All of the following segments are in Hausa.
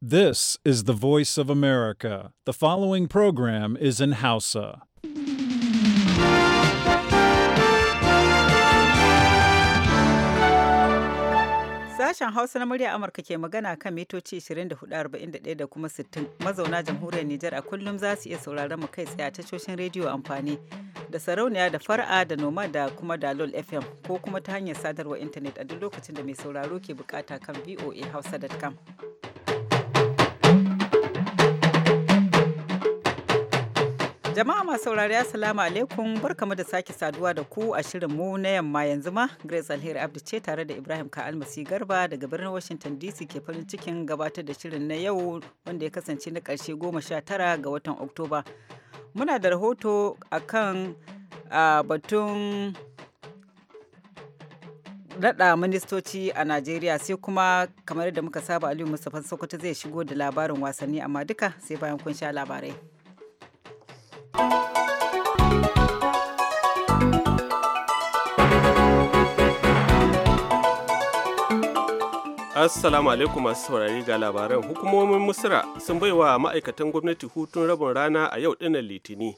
This is the voice of America. The following program is in Hausa. Sashen Hausa na murya Amurka ke magana kan mitoci 24,41 da kuma 60 mazauna jamhuriyar Nijar a kullum za su iya sauraron mu kai tsaye a tashoshin rediyo amfani da sarauniya da fara da noma da kuma dalol FM ko kuma ta hanyar sadarwar intanet a duk lokacin da mai sauraro ke bukata kan voahausa.com. Jama'a masu saurari Assalamu alaikum barkamu da sake saduwa da ku a shirin mu na yamma yanzu ma Grace Alheri Abdu ce tare da Ibrahim Ka Almasi Garba daga birnin Washington DC ke farin cikin gabatar da shirin na yau wanda ya kasance na karshe tara ga watan Oktoba. Muna da rahoto akan kan batun naɗa ministoci a Najeriya sai kuma kamar da muka saba Aliyu Mustapha Sokoto zai shigo da labarin wasanni amma duka sai bayan kun sha labarai. Assalamu alaikum masu saurari ga labaran hukumomin musra sun baiwa ma'aikatan gwamnati hutun rabin rana a yau dinnan Litini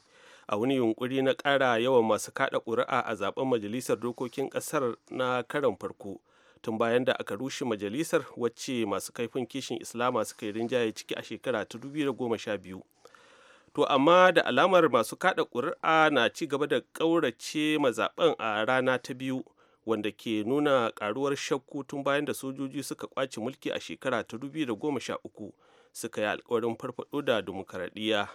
a wani yunkuri na ƙara yawan masu kada ƙuri'a a zaben majalisar dokokin ƙasar na karan farko tun bayan da aka rushe majalisar wacce masu kaifin kishin Islama suka yi rinjaye ciki a shekara ta 2012. To amma da alamar masu kada ƙuri'a na ci gaba da ƙaurace mazaɓen a rana ta biyu. wanda ke nuna karuwar shakku tun bayan da sojoji suka kwace mulki a shekara ta 2013 suka yi alkawarin farfado da demokaradiyya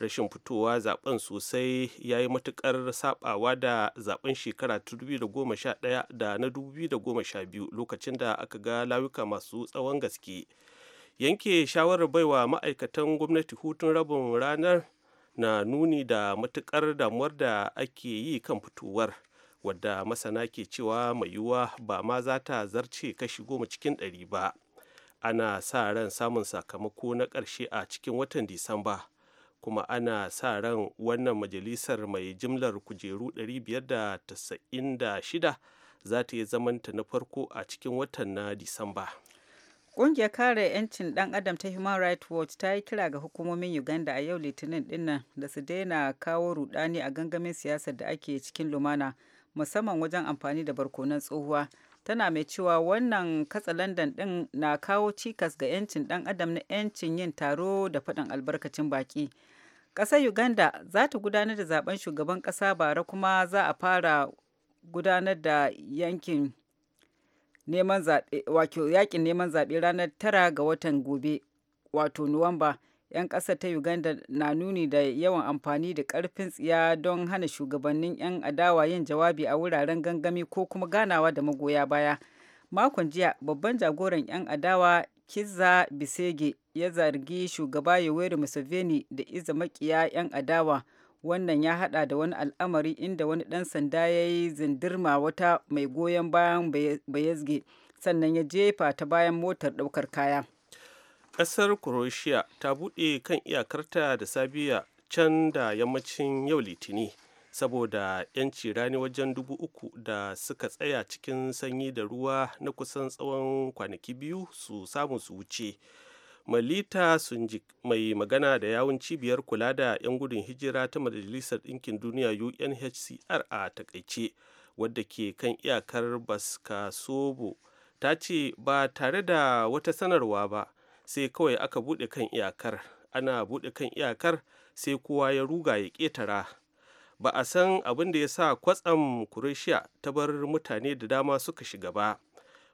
rashin fitowa zaben sosai ya yi matukar sabawa da zaben shekara ta 2011 da na 2012 lokacin da aka ga layuka masu tsawon gaske yanke shawarar baiwa ma'aikatan gwamnati hutun rabin ranar na nuni da matukar damuwar da ake yi kan fitowar wadda masana ke cewa mai yiwuwa ba ma za ta zarce kashi goma cikin ɗari ba ana sa ran samun sakamako na ƙarshe a cikin watan disamba kuma ana sa ran wannan majalisar mai jimlar kujeru 596 za ta yi zamanta na farko a cikin watan na disamba Ƙungiyar kare 'yancin ɗan adam ta Human Rights Watch ta yi kira ga hukumomin Uganda a yau Litinin dinnan da su daina kawo rudani a gangamin siyasar da ake cikin lumana musamman wajen amfani da barkonon tsohuwa tana mai cewa wannan katsalandan ɗin na kawo cikas ga 'yancin ɗan adam na 'yancin yin taro da faɗin albarkacin baki ƙasar uganda za ta gudanar da zaben shugaban ƙasa bara kuma za a fara gudanar da yankin neman zaɓe neman zaɓe ranar tara ga watan gobe wato nuwamba 'yan ƙasar ta uganda na nuni da yawan amfani da ƙarfin tsiya don hana shugabannin 'yan adawa yin jawabi a wuraren gangami ko kuma ganawa da magoya baya makon jiya babban jagoran 'yan adawa kizza bisege ya zargi shugaba yoweri museveni da iza makiya 'yan adawa wannan ya hada da wani al'amari inda wani dan sanda ya yi zindirma wata mai goyon bayan bayazge sannan ya jefa ta bayan motar daukar kaya ƙasar croatia ta buɗe kan iyakarta da sabiya can da yammacin yau litini saboda 'yanci rani wajen dubu uku da suka tsaya cikin sanyi da ruwa na kusan tsawon kwanaki biyu su samu su wuce malita sunji mai magana da yawun cibiyar kula da 'yan gudun hijira ta majalisar ɗinkin duniya unhcr a takaice wadda ke kan iyakar baskasobo ta ce ba tare da wata sanarwa ba sai kawai aka bude kan iyakar ana bude kan iyakar sai kowa ya ruga ya ketara ba a san abin da ya sa kwatsam kurashiya ta bar mutane da dama suka shiga ba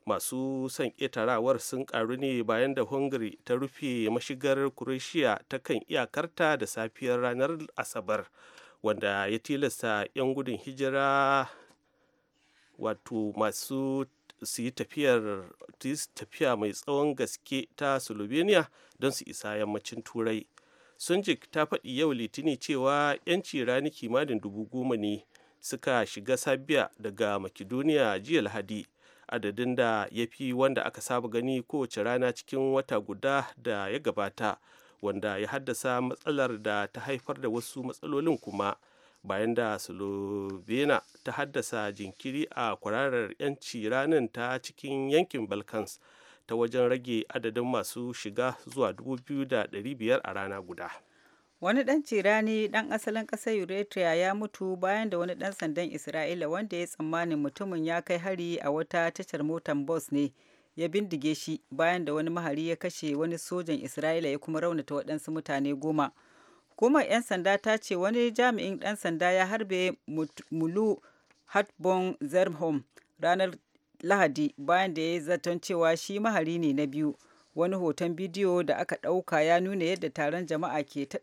masu son ƙetarawar sun karu ne bayan da hungary ta rufe mashigar kurashiya ta kan iyakarta da safiyar ranar asabar wanda ya tilasta 'yan gudun hijira wato masu su yi tafiyar tafiya mai tsawon gaske ta slovenia don su isa yammacin turai sunjik ta faɗi yau litini cewa 'yanci rani kimanin dubu goma ne suka shiga sabiya daga makedoniya jiya lahadi adadin da ya fi wanda aka saba gani kowace rana cikin wata guda da ya gabata wanda ya haddasa matsalar da ta haifar da wasu matsalolin kuma bayan da slovenia ta haddasa jinkiri a kwararar 'yanci ranin ta cikin yankin balkans ta wajen rage adadin masu shiga zuwa 2,500 a rana guda wani dan cirani dan asalin kasar eritrea ya mutu bayan da wani dan sandan isra'ila wanda ya tsammanin mutumin ya kai hari a wata tashar motan bus ne ya bindige shi bayan da wani mahari ya kashe wani sojan isra'ila ya kuma raunata waɗansu mutane goma hukumar 'yan sanda ta ce wani jami'in ɗan sanda ya harbe mulu hatbon zerhom ranar lahadi bayan da ya yi zaton cewa shi mahari ne na biyu wani hoton bidiyo da aka ɗauka ya nuna yadda taron jama'a ke ta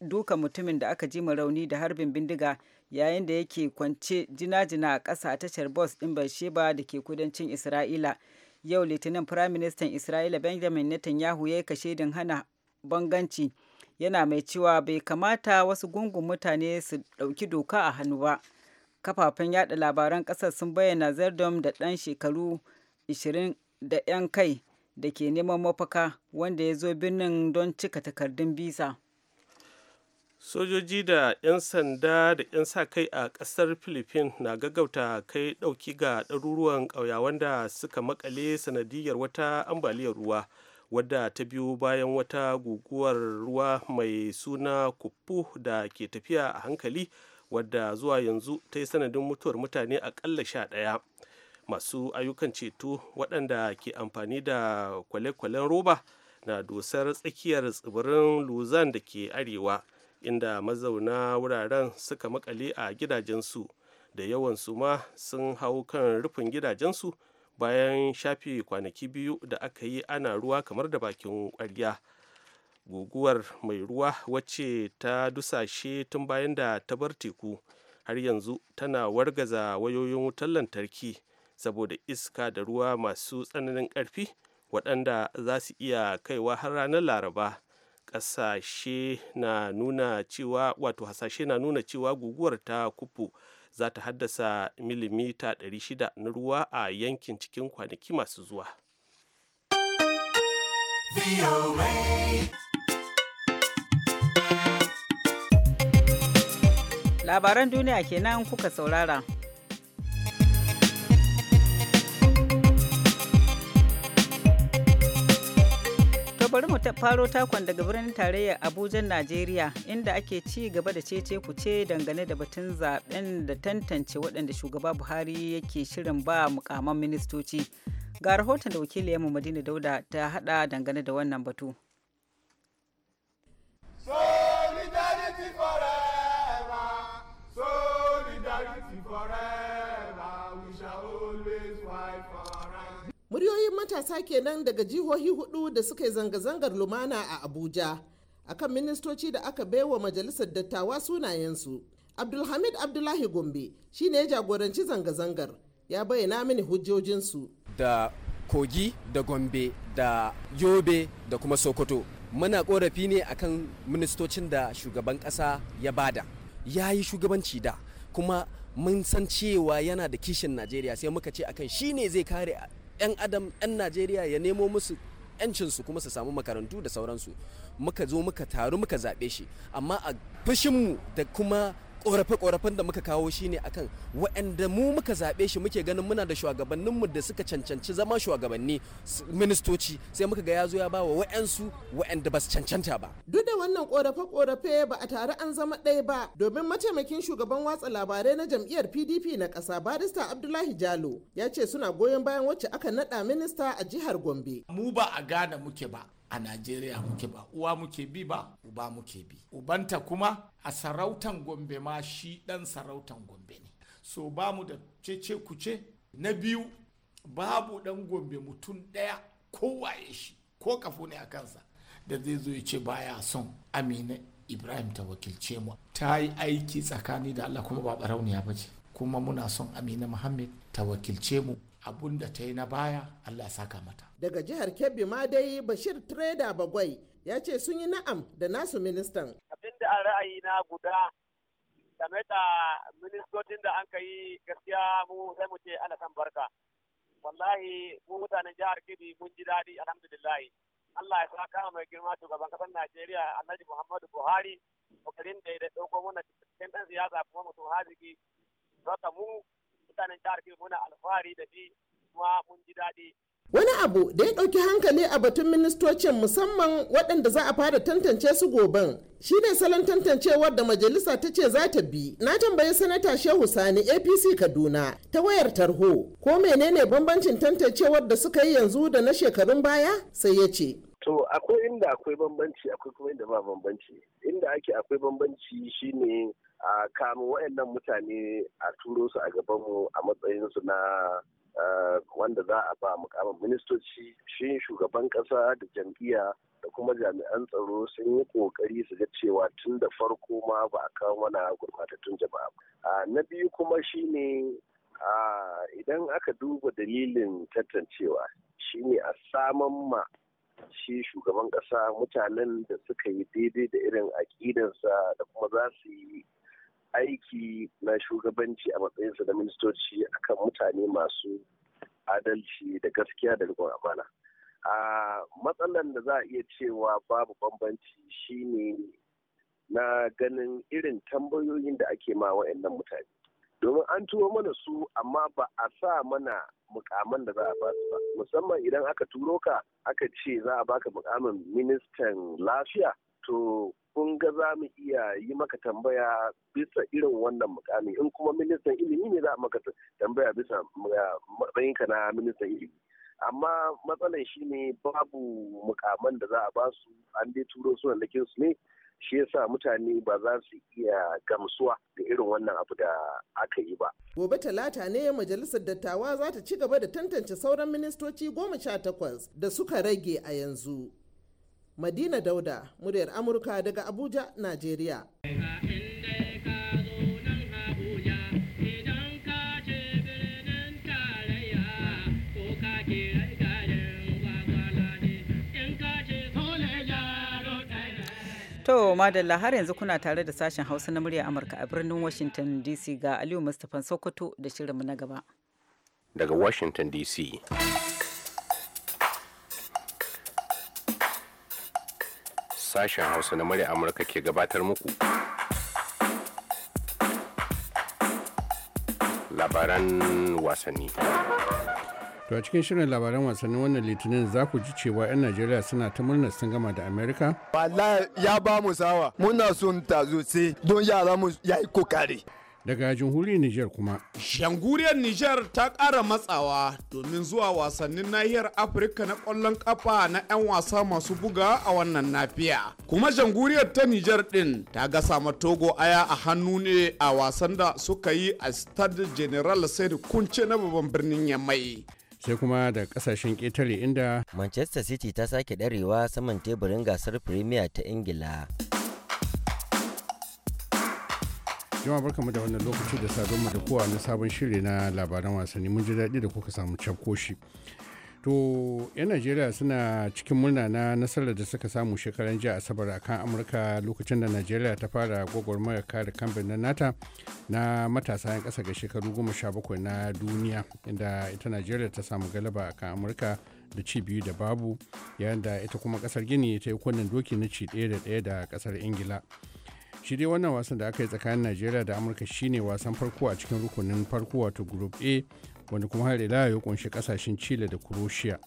duka mutumin da aka ji rauni da harbin bindiga yayin da yake kwance jina-jina a ƙasa a tashar bus ɗin ba da ke kudancin Isra'ila. Yau Litinin Firaministan Isra'ila Benjamin Netanyahu ya yi kashedin hana banganci yana mai cewa bai kamata wasu gungun mutane su ɗauki doka a hannu ba kafafen yada labaran ƙasar sun bayyana zardom da ɗan shekaru 20 da 'yan kai da ke neman mafaka wanda ya zo birnin don cika takardun bisa sojoji da 'yan sanda da 'yan sa kai a kasar philippines na gaggauta kai ɗauki ga ɗaruruwan ƙauya wanda suka makale sanadiyar wata ambaliyar ruwa wadda ta biyo bayan wata guguwar ruwa mai suna kufu da ke tafiya a hankali wadda zuwa yanzu ta yi sanadin mutuwar mutane akalla sha ɗaya masu ayyukan ceto waɗanda ke amfani da kwale-kwalen roba na dusar tsakiyar tsibirin luzan da ke arewa inda mazauna wuraren suka makale a gidajensu da yawansu ma sun hau kan rufin gidajensu bayan shafe kwanaki biyu da aka yi ana ruwa kamar da bakin kwarya guguwar mai ruwa wacce ta dusashe tun bayan da ta bar teku har yanzu tana wargaza wayoyin wutar lantarki saboda iska da ruwa masu tsananin ƙarfi waɗanda za su iya kaiwa har ranar laraba ƙasashe wato hasashe na nuna cewa guguwar ta kufu za ta haddasa milimita 600 na ruwa a yankin cikin kwanaki masu zuwa. Labaran duniya kenan kuka saurara. bari mu faro takon daga birnin tarayyar Abuja, Najeriya, inda ake ci gaba da cece ku ce dangane da batun zaben da tantance waɗanda shugaba Buhari yake shirin ba mukaman ministoci. Ga rahoton da wakiliyarmu Madina Dauda ta hada dangane da wannan batu. matasa kenan daga jihohi hudu da suka yi zanga-zangar lumana a abuja akan ministoci da aka bai wa majalisar dattawa sunayensu abdulhamid abdullahi gombe shine ya jagoranci zanga-zangar ya bayyana mini hujjojinsu da kogi da gombe da yobe da kuma sokoto muna korafi ne akan ministocin da shugaban kasa ya bada ya yi shugabanci da kuma mun san cewa yana da kishin najeriya sai muka ce akan shi ne zai kare 'yan adam 'yan najeriya ya nemo musu 'yancinsu kuma su samu makarantu da sauransu muka zo muka taru muka zaɓe shi amma a fushinmu da kuma korafe-korafen da muka kawo shi ne akan waɗanda mu muka zaɓe shi muke ganin muna da shugabanninmu da suka cancanci zama shugabanni ministoci sai muka ga ya zo ya ba wa waɗansu waɗanda ba su cancanta ba. Duk da wannan korafe-korafe ba a tare an zama ɗaya ba domin mataimakin shugaban watsa labarai na jam'iyyar PDP na ƙasa barista Abdullahi Jalo ya ce suna goyon bayan wacce aka naɗa minista a jihar Gombe. Mu ba a gane muke ba a najeriya muke ba uwa muke bi ba uba muke bi ubanta kuma a sarautan gombe ma shi dan sarautan gombe ne so ba mu da cece kuce na biyu babu dan gombe mutum ɗaya kowaye shi ko kafu ne a kansa da zai zo ya ce baya son amina ibrahim ta wakilce mu ta yi aiki tsakani da allah kuma ba barauniya ba ce kuma muna son amina muhammad ta wakilce mu abun da ta yi na baya Allah saka mata. Daga jihar Kebbi ma dai Bashir Trader Bagwai ya ce sun yi na'am da nasu ministan. Abin da ra'ayi na guda game da ministocin da an yi gaskiya mu sai mu ce ana san barka. Wallahi mu mutanen jihar Kebbi mun ji daɗi alhamdulillah. Allah ya saka mai girma shugaban kasar Najeriya Alhaji Muhammadu Buhari kokarin da ya dauko mana cikin ɗan siyasa kuma mutum haziki. Zaka mu mutanen jihar Kebbi muna alfahari da shi kuma mun ji daɗi. Wani abu da ya ɗauki hankali a batun ministocin musamman waɗanda za a fara tantance su goben shi ne salon tantancewar da majalisa ta ce za ta bi. Na tambayi sanata Shehu Sani APC Kaduna ta wayar tarho ko menene bambancin tantancewar da suka yi yanzu da na shekarun baya sai ya ce. To akwai inda akwai bambanci akwai kuma inda ba bambanci. Inda ake akwai bambanci shine a kamo wayannan mutane a turo su a mu a matsayinsu na wanda za a ba mukamin ministoci shi shugaban kasa da jam'iyya da kuma jami'an tsaro sun yi kokari su ga cewa tun da farko ma ba a kawo mana gurbatattun jama'a ba na biyu kuma shi ne idan aka duba dalilin tantancewa ne a saman ma shi shugaban ƙasa mutanen da suka yi daidai da irin aƙidarsa da kuma za su yi aiki na shugabanci a matsayinsa da ministoci akan mutane masu adalci da gaskiya da riƙon amana. A matsalar da za a iya cewa babu bambanci shine na ganin irin tambayoyin da ake ma wa'annan mutane. Domin an tuwo mana su amma ba a sa mana mukaman da za a ba su ba. Musamman idan aka turo ka aka ce za a baka mukamin ministan lafiya. to kun ga za mu iya yi maka tambaya bisa irin wannan mukami in kuma ministan ilimi ne za a maka tambaya bisa matsayinka na ministan ilimi amma matsalar shi ne babu mukaman da za a basu an dai turo suna lakin su ne shi yasa mutane ba za su iya gamsuwa da irin wannan abu da aka yi ba. Gobe talata ne majalisar dattawa za ta ci gaba da tantance sauran ministoci goma sha takwas da suka rage a yanzu. Madina Dauda, muryar Amurka daga Abuja, Najeriya. To, Madalla har yanzu kuna tare da sashen Hausa na murya Amurka a birnin Washington DC ga Aliyu Mustapha Sokoto da shirinmu na gaba. Daga Washington DC. sashen hausa na murya amurka ke gabatar muku labaran wasanni to a cikin shirin labaran wasanni wannan litinin za ku ji cewa 'yan najeriya suna ta murnar sun gama da amerika wallahi ya ba mu sawa muna son ta don yara mu ya yi kokari daga jamhuriyar Nijar kuma. Jamhuriyar Nijar ta ƙara matsawa domin zuwa wasannin nahiyar Afirka na ƙwallon ƙafa na 'yan wasa masu buga a wannan nafiya. Kuma jamhuriyar ta Nijar ɗin ta gasa sama Togo aya a hannu ne a wasan da suka yi a Stade General Said Kunce na babban birnin Yamai. sai kuma da kasashen ƙetare inda manchester city ta sake ɗarewa saman teburin gasar premier ta ingila jama'a mu da wannan lokaci da mu da kowa na sabon shiri na labaran wasanni mun ji daɗi da kuka samu cakoshi to yan najeriya suna cikin murna na nasarar da suka samu shekaran jiya asabar a kan amurka lokacin da najeriya ta fara gwagwarmaya kare kambin na nata na matasa yan ƙasa ga shekaru goma sha bakwai na duniya inda ita najeriya ta samu galaba a kan amurka da ci biyu da babu yayin da ita kuma ƙasar gini ta yi kunnen doki na ci ɗaya da ɗaya da ƙasar ingila shi dai wannan wasan da aka yi tsakanin najeriya da amurka shine wasan farko a cikin rukunin farko wato group a wanda kuma har ila ya kunshi kasashen chile da croatia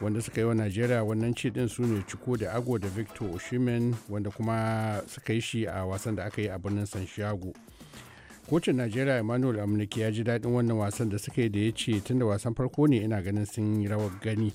wanda suka yi wa najeriya wannan ci din su ne ciko da ago da victor oshimen wanda kuma suka yi shi a wasan da aka yi a birnin san shago kocin najeriya emmanuel amniki ya ji daɗin wannan wasan da suka yi da ya ce tunda wasan farko ne ina ganin sun yi rawar gani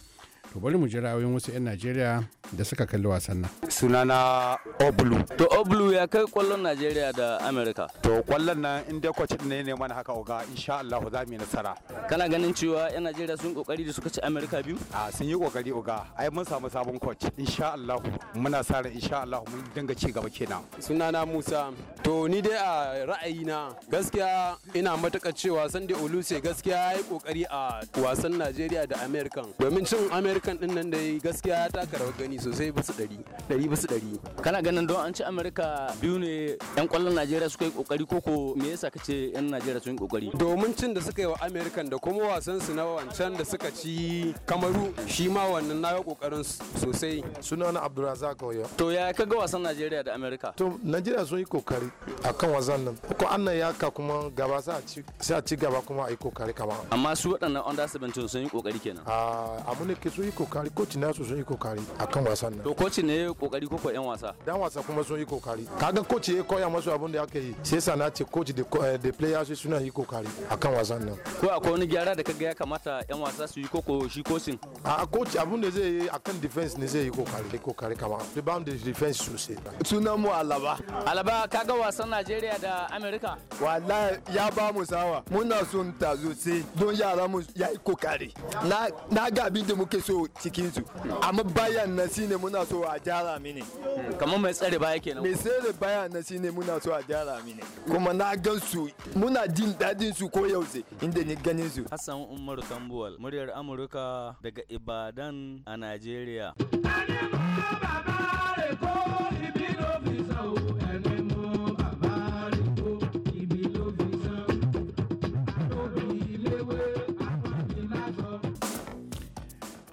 to bari mu ji ra'ayoyin wasu 'yan najeriya da suka kalli wasan nan sunana oblu to oblu ya kai kwallon najeriya da amerika to kwallon nan in dai kwacin ne ne mana haka oga insha allahu za mu yi nasara kana ganin cewa 'yan najeriya sun kokari da suka ci amerika biyu a sun yi kokari oga ai mun samu sabon coach insha allahu muna sa ran insha allahu mun dinga ci gaba kenan sunana musa to ni dai a ra'ayina gaskiya ina matakar cewa sande oluse gaskiya ya yi kokari a wasan najeriya da amerika domin cin amerika american din nan da gaskiya ya taka rawar gani sosai basu dari ɗari basu dari kana ganin don an ci america biyu ne yan kwallon najeriya suka yi kokari koko me yasa kace yan najeriya sun yi kokari domin cin da suka yi wa american da kuma wasan su na wancan da suka ci kamaru shi ma wannan na yi kokarin sosai sunana abdulrazak oyo to ya kaga wasan najeriya da america to najeriya sun yi kokari akan wasan nan ko annan ya ka kuma gaba ci a ci gaba kuma a yi kokari kama amma su waɗannan under 17 sun yi kokari kenan ah, a amune ke su yi kokari coach nasu sun yi kokari akan wasan nan to coach ne ya kokari ko ko yan wasa dan wasa kuma sun yi kokari kaga coach ya koya masu abin da aka yi sai sana ce coach da eh, da players suna yi kokari akan wasan nan ko akwai wani gyara da kaga ya kamata yan wasa su yi koko shi coaching a coach abin da zai yi akan defense ne zai yi kokari kokari kama rebound defense sosai sunan mu alaba alaba kaga wasan Najeriya da America wallahi ya ba mu sawa muna son ta sai don yaran mu yayi kokari na na gabi da muke so cikinsu amma bayan na shine muna so a gyara mini hmm, kamar mai tsare baya kenan mai tsare baya na shine muna so a gyara mini kuma na gan su muna jin dadin su ko yaushe inda ni ganin su Hassan Umaru Tambuwal muryar Amurka daga Ibadan a Najeriya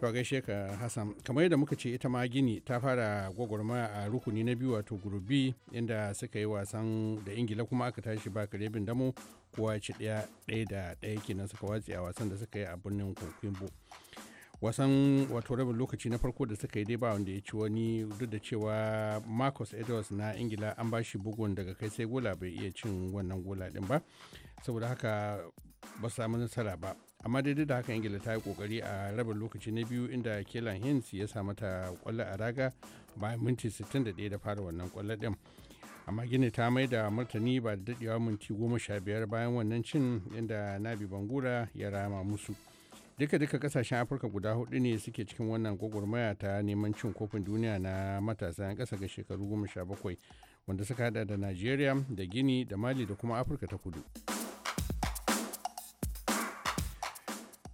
to gaishe ka hassan kamar yadda muka ce ita ma gini ta fara gwagwarma a rukuni na biyu wato gurubi inda suka yi wasan da ingila kuma aka tashi ba karebin damo kowa ci ɗaya ɗaya da ɗaya kenan suka watsi a wasan da suka yi a birnin kokwimbo wasan wato rabin lokaci na farko da suka yi dai ba wanda ya ci wani duk da cewa marcus edwards na ingila an ba shi bugun daga kai sai gola bai iya cin wannan gola din ba saboda haka ba samu nasara ba amma daidai da haka ingila ta yi kokari a rabin lokaci na biyu inda kelan hins ya sa mata kwallo a raga bayan minti 61 da fara wannan kwallo din amma gini ta mai da martani ba da dadewa minti 15 bayan wannan cin inda nabi bangura ya rama musu duka duka kasashen afirka guda hudu ne suke cikin wannan gwagwarmaya ta neman cin kofin duniya na matasa yan kasa ga shekaru 17 wanda suka hada da nigeria da gini da mali da kuma afirka ta kudu.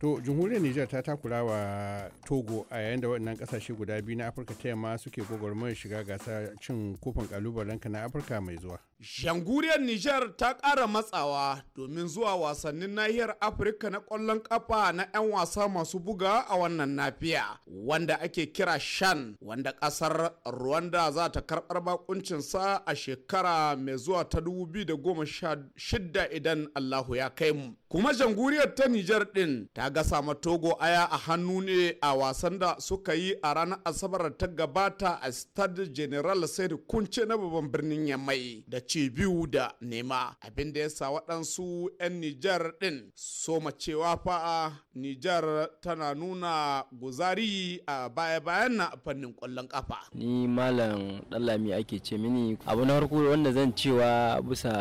to jamhuriyar niger ta takura wa togo a yayin da waɗannan ƙasashe guda biyu na afirka ta yamma suke gwagwarmayar shiga gasa cin kofin ƙalubalen na afirka mai zuwa Shanguriyar Nijar ta ƙara matsawa domin zuwa wasannin nahiyar Afirka na ƙwallon ƙafa na 'yan wasa masu buga a wannan nafiya, wanda ake kira Shan, wanda ƙasar Rwanda za ta karɓar bakuncinsa a shekara mai zuwa ta 2016 idan Allahu ya kai mu. Kuma janguriyar ta Nijar din ta gasa ma Togo aya a hannu ne a wasan da suka yi a ranar Asabar ta gabata a Stade General Said Kunce na babban birnin Yamai da ce biyu da nema abin da ya sa waɗansu 'yan nijar ɗin soma cewa fa nijar tana nuna guzari a baya-bayan na fannin ƙwallon ƙafa ni malam ɗallami ake ce mini abu na farko wanda zan cewa bisa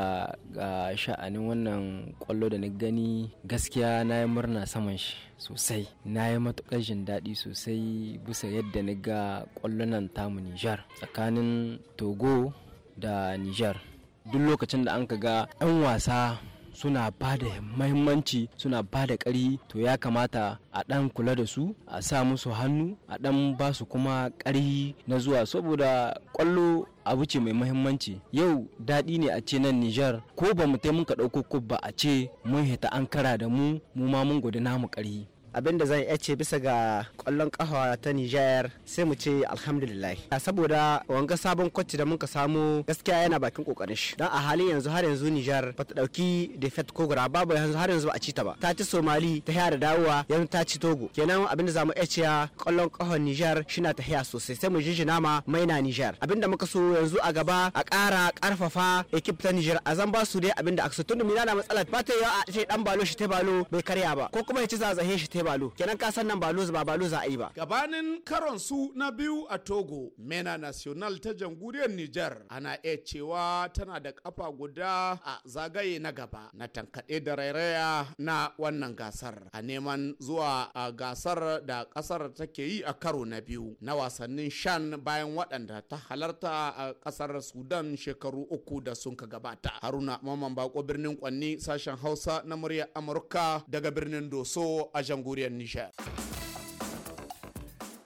ga sha'anin wannan ƙwallo da na gani gaskiya na yi murna saman shi sosai na yi matuƙar jin daɗi sosai bisa yadda na ga ƙwallonan tamu nijar tsakanin togo da nijar duk lokacin da an ka ga 'yan wasa suna ba da mahimmanci suna ba da ƙari to ya kamata a ɗan kula da su a sa musu hannu a ɗan ba su kuma ƙari na zuwa saboda ƙwallo abu ce mai mahimmanci yau daɗi ne a ce nan Nijar ko ba mu taimaka ɗauko ba a ce mun hita an da mu mu ma mun gudu namu ƙari abin da zan ce bisa ga kwallon kafa ta Nijar sai mu ce alhamdulillah saboda wanga sabon kwacci da muka samu gaskiya yana bakin kokarin shi dan a halin yanzu har yanzu Nijar ba ta dauki defeat ko gura babu yanzu har yanzu ba a ci ta ba ta ci Somali ta haya da dawowa yanzu ta ci Togo kenan abin da zamu ce kwallon kafa Nijar shina ta hiya sosai sai mu jinjina ma maina Nijar abin da muka so yanzu a gaba a ƙara karfafa ekip ta Nijar a zan ba su dai abin da aka so tunda mina na matsala ba ta yi a ce dan balo shi ta balo bai karya ba ko kuma ya ci zazahe shi ta ke balo kenan ka nan balo ba balo za a yi ba gabanin karon su na biyu a togo mena national ta jamhuriyar niger ana iya cewa tana da kafa guda a zagaye na gaba na tankaɗe da rairaya na wannan gasar a neman zuwa a gasar da ƙasar take yi a karo na biyu na wasannin shan bayan waɗanda ta halarta a kasar sudan shekaru uku da sun ka gabata haruna mamman bako birnin kwanni sashen hausa na murya amurka daga birnin doso a jangu jamhuriyar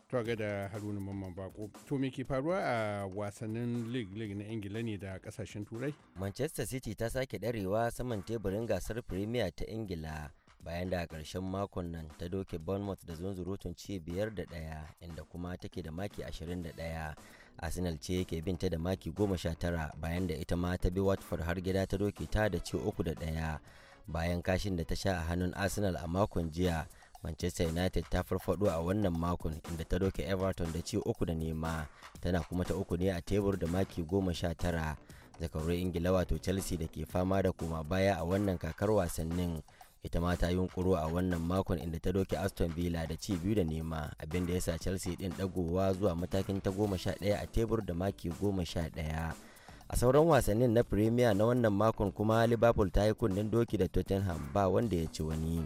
to da haruna mamman bako to me ke faruwa a wasannin league league na ingila ne da kasashen turai manchester city ta sake darewa saman teburin gasar premier ta ingila bayan da a ƙarshen makon nan ta doke bournemouth da zunzurutun ci biyar da ɗaya inda kuma take da maki ashirin da ɗaya arsenal ce yake bin ta da maki goma sha tara bayan da ita ma ta bi watford har gida ta doke ta da ci uku da ɗaya bayan kashin da ta sha a hannun arsenal a makon jiya manchester united ta farfado a wannan makon inda ta doke everton da ci uku da nema tana kuma ta uku ne a tebur da maki goma sha tara zakarun ingila wato chelsea da ke fama da koma baya a wannan kakar wasannin ita ma ta yunkuro a wannan makon inda ta doke aston villa da ci biyu da nema abinda ya sa chelsea din dagowa zuwa matakin ta goma sha daya a tebur da maki goma sha ɗaya a sauran wasannin na premier na wannan makon kuma liverpool ta yi kunnen doki da tottenham ba wanda ya ci wani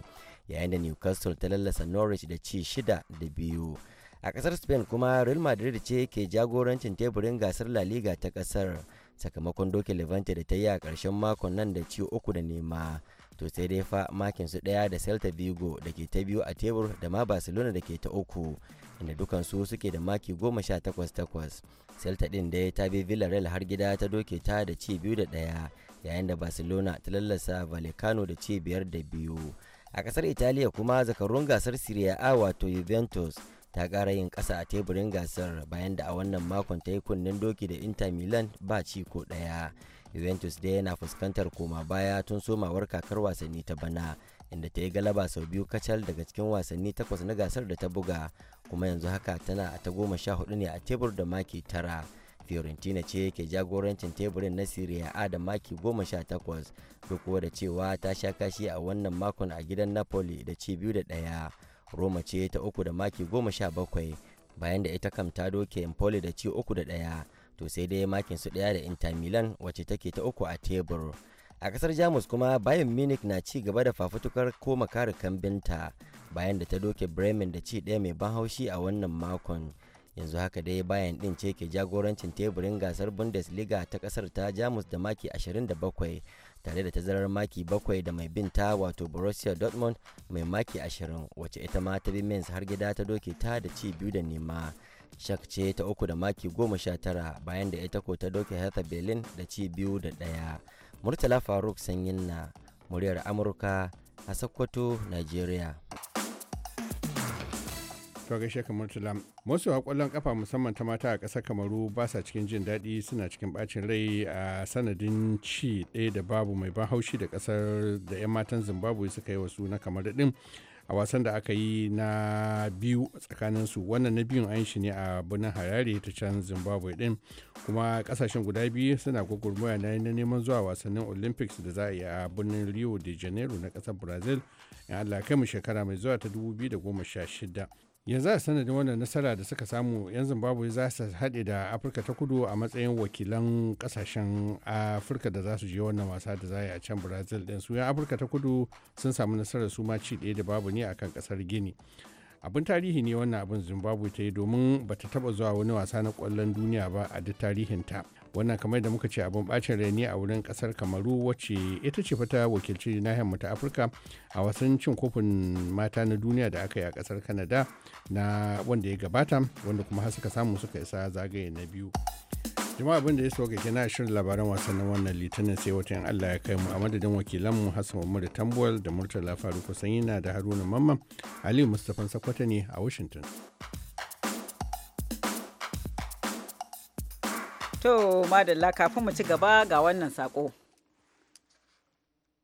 yayin da newcastle ta lallasa norwich da ci shida da biyu a kasar spain kuma real madrid ce ke jagorancin teburin gasar la liga ta kasar sakamakon doke levante da ta yi a karshen makon nan da ci uku da nema to sai dai fa makin su daya da celta vigo da ke ta biyu a tebur da ma barcelona da ke ta uku inda dukansu suke da maki goma sha takwas takwas celta din da ta bi villarreal har gida ta doke ta da ci biyu da daya yayin da barcelona ta lallasa valecano da ci biyar da biyu a kasar italiya kuma zakarun gasar serie a wato juventus ta kara yin kasa a teburin gasar bayan da a wannan makon ta yi kunnen doki da inter milan ba ci ko daya juventus dai yana fuskantar koma baya tun somawar kakar wasanni ta bana inda ta yi galaba sau biyu kacal daga cikin wasanni takwas na gasar da ta buga kuma yanzu haka tana a ta goma sha hudu ne a tebur da maki tara fiorentina ce ke jagorancin teburin na syria a da maki goma sha takwas duk da cewa ta sha kashi a wannan makon a gidan napoli da ci biyu da daya roma ce ta uku da maki goma bakwai bayan da ita kam ta doke empoli da ci uku da daya to sai dai makin su daya da inter milan wacce take ta uku a tebur a kasar jamus kuma bayin munich na ci gaba da fafutukar koma kare kambinta bayan da ta doke bremen da ci daya mai ban haushi a wannan makon yanzu haka dai bayan din ce ke jagorancin teburin gasar bundesliga ta kasar ta jamus da maki 27 tare da tazarar maki 7 da mai binta wato borussia dortmund mai maki 20 wacce ita ma ta bi mens har gida ta doke ta da ci biyu da nema shak ce ta uku da maki 19 bayan da ita ko ta doke hertha berlin da ci biyu da daya murtala faruk sanyin na muryar amurka a sokoto nigeria To gaishe kamar musu Masu haƙwallon kafa musamman ta mata a ƙasar Kamaru ba sa cikin jin daɗi suna cikin bacin rai a sanadin ci ɗaya da babu mai ban haushi da ƙasar da 'yan matan Zimbabwe suka yi wasu na kamar ɗin. a wasan da aka yi na biyu tsakanin su wannan na biyun an shi ne a birnin harare ta can zimbabwe din kuma kasashen guda biyu suna gwagwarmaya na neman zuwa wasannin olympics da za a yi a birnin rio de janeiro na kasar brazil in allah kai mu shekara mai zuwa ta 2016 yanzu a sanadin wannan nasara da suka samu yan zimbabwe za su haɗe da afirka ta kudu a matsayin wakilan ƙasashen afirka da za su je wannan wasa da za a can brazil ɗin su yan afirka ta kudu sun samu nasarar su ma ci ɗaya da babu ne akan ƙasar gini abin tarihi ne wannan abin zimbabwe ta yi domin ba ta taɓa zuwa wani wasa na ƙwallon duniya ba a duk tarihinta wannan kamar da muka ce abin bacin rai ne a wurin kasar kamaru wacce ita ce fata wakilci nahiyar mu ta afirka a wasan cin kofin mata na duniya da aka yi a kasar kanada na wanda ya gabata wanda kuma har suka samu suka isa zagaye na biyu jama'a abin da ya sauka na shirin labaran wasannin wannan litinin sai wata yan allah ya kai mu a madadin mu hassan umar tambuwal da murtala faru kusan yana da haruna mamman aliyu mustapha sakwata ne a washington To, madalla kafin mu ci gaba ga wannan sako.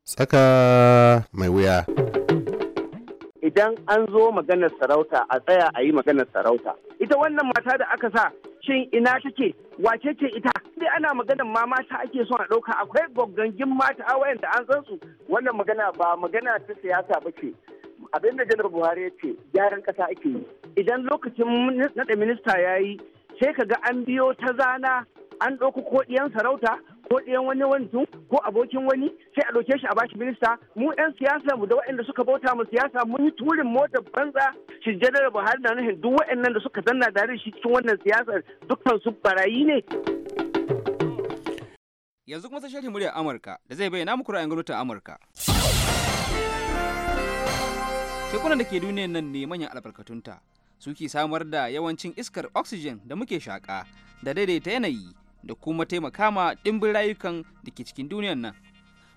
Tsaka mai wuya. Idan an zo maganar sarauta a tsaya a yi maganar sarauta. Ita wannan mata da aka sa shin ina take wace ce ita sai ana maganar ma mata ake son a ɗauka akwai gwaggangin mata wayan da an san su wannan magana ba magana ta siyasa ba ce abinda janar buhari ya ce gyaran ƙasa ake yi idan lokacin naɗa minista ya yi sai ka ga an biyo ta zana an ɗauko ko ɗiyan sarauta ko ɗiyan wani wani ko abokin wani sai a ɗauke shi a bashi minista mu 'yan siyasa mu da waɗanda suka bauta mu siyasa mun yi turin mota banza shi janar buhari na nuhin duk waɗannan da suka zanna da shi cikin wannan siyasar dukkan su barayi ne. yanzu kuma sashen muryar amurka da zai bayyana muku ra'ayin gwamnatin amurka. tekunan da ke duniyar nan ne manyan albarkatunta suke samar da yawancin iskar oxygen da muke shaƙa da daidaita yanayi da kuma taimaka ma ɗimbin rayukan da ke cikin duniyar nan.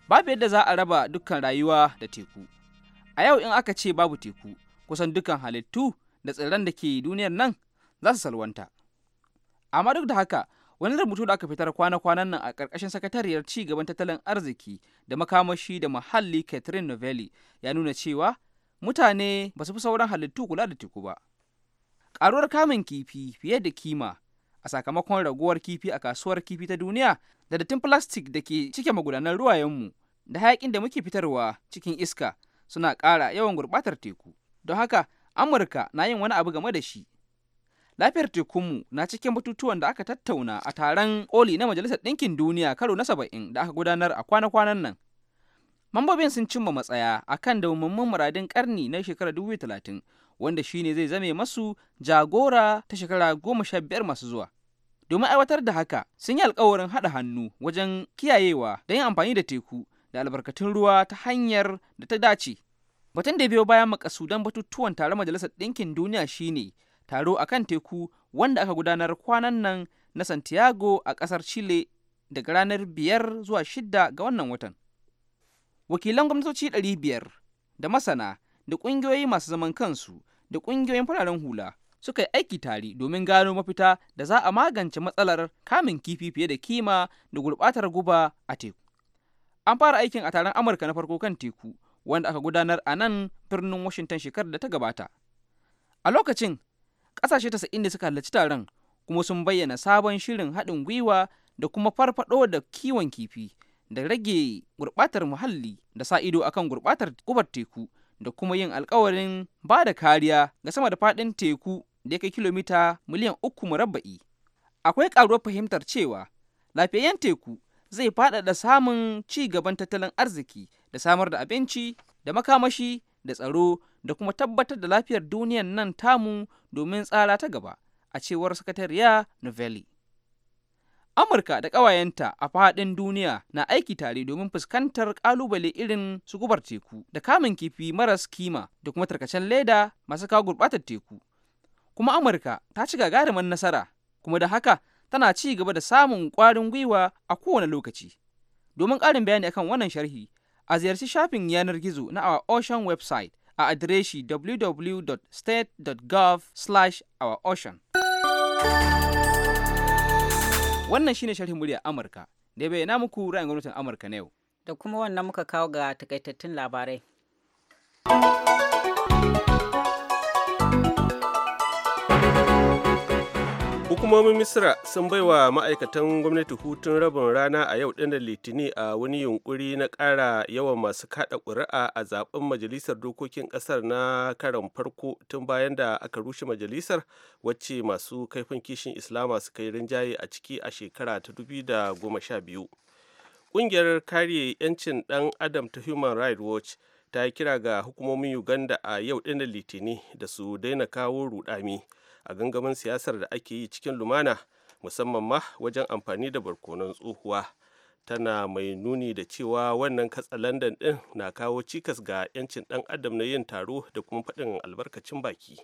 Babu yadda za a raba dukkan rayuwa da teku. A yau in aka ce babu teku, kusan dukkan halittu da tsirran da ke duniyar nan za su salwanta. Amma duk da haka, wani rubutu da aka fitar kwana-kwanan nan a ƙarƙashin sakatariyar ci gaban tattalin arziki da makamashi da muhalli Catherine Novelli ya nuna cewa mutane ba su fi sauran halittu kula da teku ba. Ƙaruwar kamun kifi fiye da kima a sakamakon raguwar kifi a kasuwar kifi ta duniya da dattin plastic da ke cike magudanan ruwayenmu da hayakin da muke fitarwa cikin iska suna ƙara yawan gurɓatar teku don haka amurka na yin wani abu game da shi lafiyar tekunmu na cikin batutuwan da aka tattauna a taron Oli na majalisar ɗinkin duniya karo na saba'in da aka gudanar a kwana-kwanan nan mambobin sun cimma matsaya akan dawwammamin muradin karni na shekarar 2030 wanda shine zai zame masu jagora ta shekara goma sha biyar masu zuwa. Domin aiwatar da haka sun yi alkawarin haɗa hannu wajen kiyayewa da yin amfani da teku da albarkatun ruwa ta hanyar da ta dace. Batun da biyo bayan makasudan batutuwan taron Majalisar Ɗinkin Duniya shine taro a kan teku wanda aka gudanar kwanan nan na Santiago a ƙasar Chile daga ranar biyar zuwa shidda ga wannan watan. Wakilan gwamnatoci ɗari biyar da masana da ƙungiyoyi masu zaman kansu da ƙungiyoyin fararen hula suka yi aiki tare domin gano mafita da za a magance matsalar kamun kifi fiye da kima da gurɓatar guba a teku. An fara aikin a taron Amurka na farko kan teku wanda aka gudanar a nan birnin Washington shekarar da ta gabata. A lokacin, ƙasashe tasa'in da suka halarci taron kuma sun bayyana sabon shirin haɗin gwiwa da kuma farfaɗo da kiwon kifi da rage gurɓatar muhalli da sa ido akan gurɓatar gubar teku da kuma yin alkawarin ba da kariya ga sama da faɗin teku da ya kai kilomita miliyan uku murabba'i. Akwai ƙaruwar fahimtar cewa lafiyayyen teku zai faɗaɗa samun ci gaban tattalin arziki da samar da abinci da makamashi da tsaro da kuma tabbatar da lafiyar duniyar nan tamu domin tsara ta gaba a cewar sakatariya Novelli. Amurka da ƙawayenta a faɗin duniya na aiki tare domin fuskantar ƙalubale irin su gubar teku da kamun kifi maras kima da kuma tarkacen leda masu kawo gurɓatar teku. Kuma Amurka ta ci gagarumin nasara, kuma da haka tana ci gaba da samun ƙwarin gwiwa a kowane lokaci. Domin ƙarin bayani akan wannan sharhi, a ziyarci shafin yanar gizo na Our Ocean website a adireshi www.state.gov/ourocean. Wannan shine sharhin murya Amurka da ya na muku ra'ayin gwamnatin Amurka na yau. Da kuma wannan muka kawo ga takaitattun labarai. hukumomin misira sun bai wa ma'aikatan gwamnati hutun rabin rana a yau ɗin litini a wani yunkuri na ƙara yawan masu kaɗa ƙuri'a a zaben majalisar dokokin ƙasar na karan farko tun bayan da aka rushe majalisar wacce masu kaifin kishin islama suka yi rinjaye a ciki a shekara ta dubi da goma sha biyu ƙungiyar kare 'yancin ɗan adam ta human rights watch ta kira ga hukumomin uganda a yau ɗin litini da su daina kawo rudami. a gangamin siyasar da ake yi cikin lumana musamman ma wajen amfani da barkonon tsohuwa tana mai nuni da cewa wannan katsalandan din na kawo cikas ga 'yancin dan adam na yin taro da kuma faɗin albarkacin baki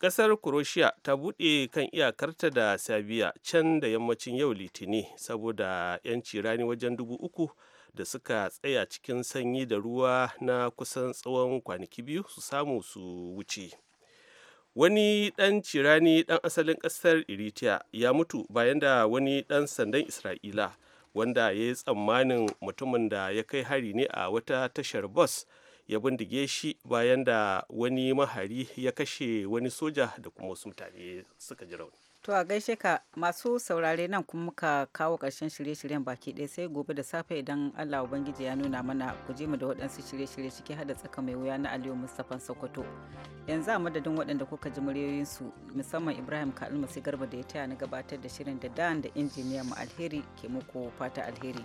ƙasar croatia ta buɗe kan iyakarta da serbia can da yammacin yau litini saboda 'yanci rani wajen dubu uku da suka tsaya cikin sanyi da ruwa na kusan tsawon kwanaki biyu su samu su wuce wani dan cirani dan asalin ƙasar eritrea ya mutu bayan da wani dan sandan isra'ila wanda ya yi tsammanin mutumin da ya kai hari ne a wata tashar bus ya bindige shi bayan da wani mahari ya kashe wani soja da kuma wasu mutane suka ji rauni To a gaishe ka masu saurare nan kuma muka kawo ƙarshen shirye-shiryen baki ɗaya sai gobe da safe idan Allah Ubangiji ya nuna mana ku je mu da waɗansu shirye-shirye cike hada tsaka mai wuya na Aliyu Mustapha Sokoto. Yanzu a madadin waɗanda kuka ji su musamman Ibrahim Kalmu Garba da ya taya na gabatar da shirin da Dan da injiniya mu alheri ke muku fata alheri.